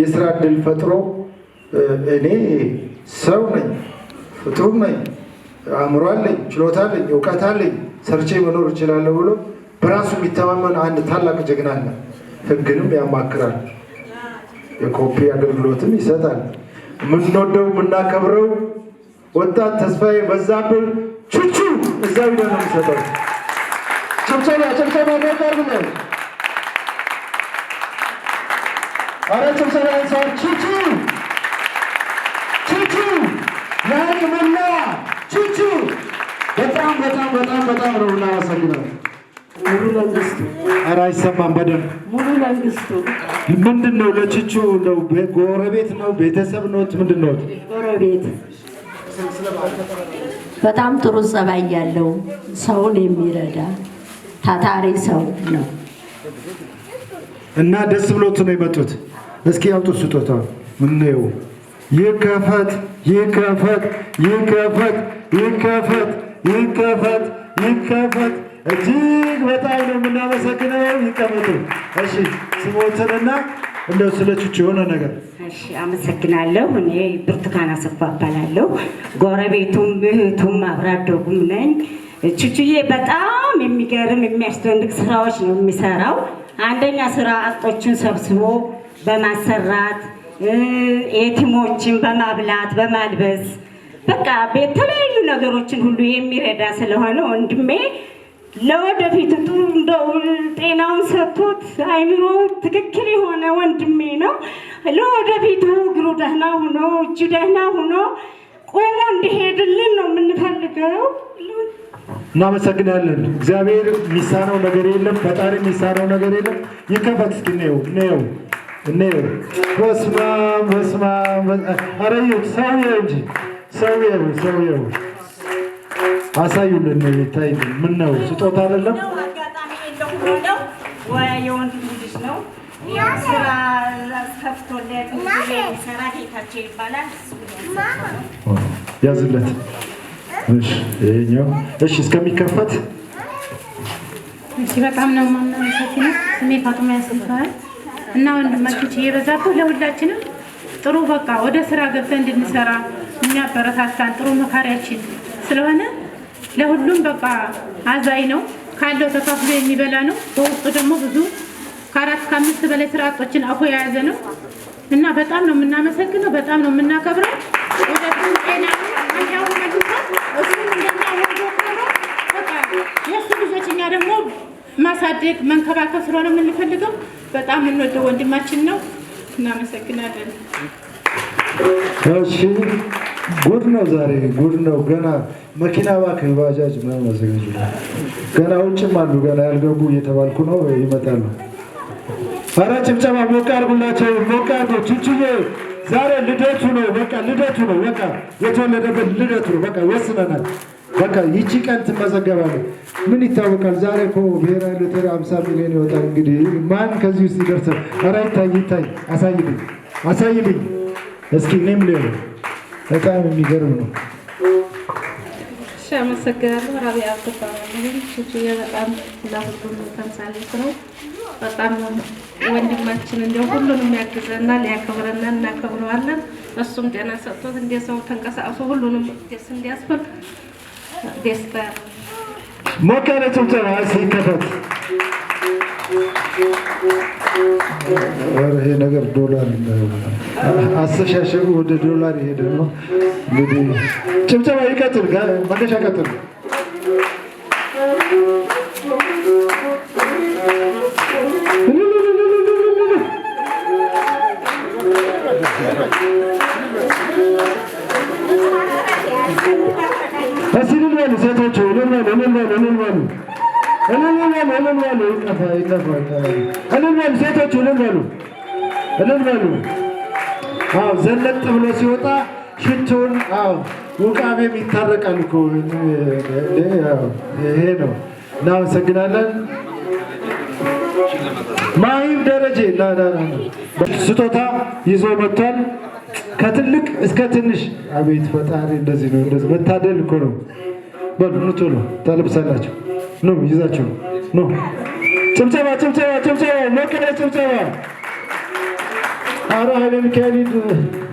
የስራ እድል ፈጥሮ እኔ ሰው ነኝ፣ ፍጡር ነኝ፣ አእምሮ አለኝ፣ ችሎታ አለኝ፣ እውቀት አለኝ፣ ሰርቼ መኖር እችላለሁ ብሎ በራሱ የሚተማመን አንድ ታላቅ ጀግና አለ። ህግንም ያማክራል፣ የኮፒ አገልግሎትም ይሰጣል። የምንወደው የምናከብረው ወጣት ተስፋዬ በዛብህ ቹቹ እዛ ሂደህ ነው የሚሰጠው። ጭብጨባ ጭብጨባ ነው። አረቱም ሰላም ሰው ቹቹ ቹቹ ያኔ መላ ቹቹ በጣም በጣም በጣም በጣም ነው እናመሰግናለን። ሙሉ መንግስቱ ኧረ አይሰማም በደንብ ሙሉ መንግስቱ ምንድን ነው ለቹቹ ነው ጎረቤት ነው ቤተሰብ ነው ምንድን ነው ጎረቤት በጣም ጥሩ ጸባይ ያለው ሰውን የሚረዳ ታታሪ ሰው ነው እና ደስ ብሎት ነው የመጡት። እስኪ ያውጡት ስጦታ እንየው። ይከፈት ይከፈት ይከፈት ይከፈት ይከፈት ይከፈት። እጅግ በጣም ነው የምናመሰግነው። ይቀመጡ። እሺ ስሞትንና እንደ ስለችች የሆነ ነገር እሺ፣ አመሰግናለሁ። እኔ ብርቱካን አሰፋ እባላለሁ። ጎረቤቱም እህቱም አብሮ ነኝ። ቹቹዬ በጣም የሚገርም የሚያስደንቅ ስራዎች ነው የሚሰራው። አንደኛ ስራ አጦችን ሰብስቦ በማሰራት የቲሞችን በማብላት በማልበስ በቃ የተለያዩ ነገሮችን ሁሉ የሚረዳ ስለሆነ ወንድሜ ለወደፊት እንደው ጤናውን ሰጥቶት አይምሮ ትክክል የሆነ ወንድሜ ነው። ለወደፊቱ እግሩ ደህና ሁኖ እጁ ደህና ሁኖ ቆሞ እንዲሄድልን ነው የምንፈልገው። እናመሰግናለን። እግዚአብሔር የሚሳነው ነገር የለም። ፈጣሪ የሚሳነው ነገር የለም። ይከፈት እስኪ ነው እኔ በስመ አብ በስመ አብ አረዩት ሰውዬው እንጂ ሰውዬው ሰውዬው አሳዩልን ይታይ ምን ነው ስጦታ አይደለም የወንድ ልጅ ነው ያዝለት እሺ ይሄኛው እሺ እስከሚከፈት እሺ በጣም ነው ማምናሰት ስሜ ፋጡማ ያስባል እና ወንድማችን እየበዛብህ ለሁላችንም ጥሩ በቃ ወደ ስራ ገብተን እንድንሰራ የሚያበረታታን ጥሩ መካሪያችን ስለሆነ ለሁሉም በቃ አዛኝ ነው። ካለው ተካፍሎ የሚበላ ነው። በውስጡ ደግሞ ብዙ ከአራት ከአምስት በላይ ስራ አጦችን አፎ የያዘ ነው እና በጣም ነው የምናመሰግነው፣ በጣም ነው የምናከብረው። ወደቱን ጤና የእሱ ልጆች እኛ ደግሞ ማሳደግ መንከባከብ ስለሆነ የምንፈልገው በጣም የምንወደው ወንድማችን ነው። እናመሰግናለን። እሺ ጉድ ነው ዛሬ ጉድ ነው። ገና መኪና እባክህ ባጃጅ ምናምን አዘጋጅ። ገና ውጭም አሉ ገና ያልገቡ እየተባልኩ ነው ይመጣሉ። ኧረ ጭብጨባ ሞቃ አድርጉላቸው ሞቃ ቹቹዬ ዛሬ ልደቱ ነው። በቃ ልደቱ ነው። በቃ የተወለደበት ልደቱ ነው። በቃ ወስነናል። በቃ ይቺ ቀን ትመዘገባለች። ምን ይታወቃል? ዛሬ እኮ ብሔራዊ ሎተሪ አምሳ ሚሊዮን ይወጣል። እንግዲህ ማን ከዚህ ውስጥ ይደርሳል? ኧረ ይታይ ይታይ፣ አሳይልኝ አሳይልኝ እስኪ እኔም ሊሆነ በጣም የሚገርም ነው። እሺ፣ አመሰግናለሁ። ራቢያ አልተባለ በጣም ለሁሉም ተምሳሌት ነው። በጣም ወንድማችን እንዲያው ሁሉንም ያግዘና ያከብረናል፣ እናከብረዋለን። እሱም ጤና ሰጥቶት እንደ ሰው ተንቀሳቅሶ ሁሉንም ደስ እንዲያስብል ሞከረ ጭብጨባ ይከፈት። ይሄ ነገር ዶላር አስተሻሸሩ ወደ ዶላር ይሄደ ነው። እንግዲህ ጭብጨባ ይቀጥል፣ መነሻ ቀጥል። በሉ እልል በሉ እልል በሉ እልል በሉ ሴቶቹ እልል በሉ እልል በሉ። አዎ ዘለጥ ብሎ ሲወጣ ሽቱን አዎ ውቃቤም ይታረቃል እኮ ይሄ ነው። እናመሰግናለን። ማሂብ ደረጀ ስጦታ ይዞ መጥቷል። ከትልቅ እስከ ትንሽ አቤት ፈጣሪ እንደዚህ ነው። እንደዚህ መታደል እኮ ነው። በሉ ኑ ቶሎ ታለብሳላችሁ። ኑ ይዛችሁ ኑ። ጭብጨባ ጭብጨባ ጭብጨባ ሞክረ ጭብጨባ። አረ ኃይለ ሚካኤል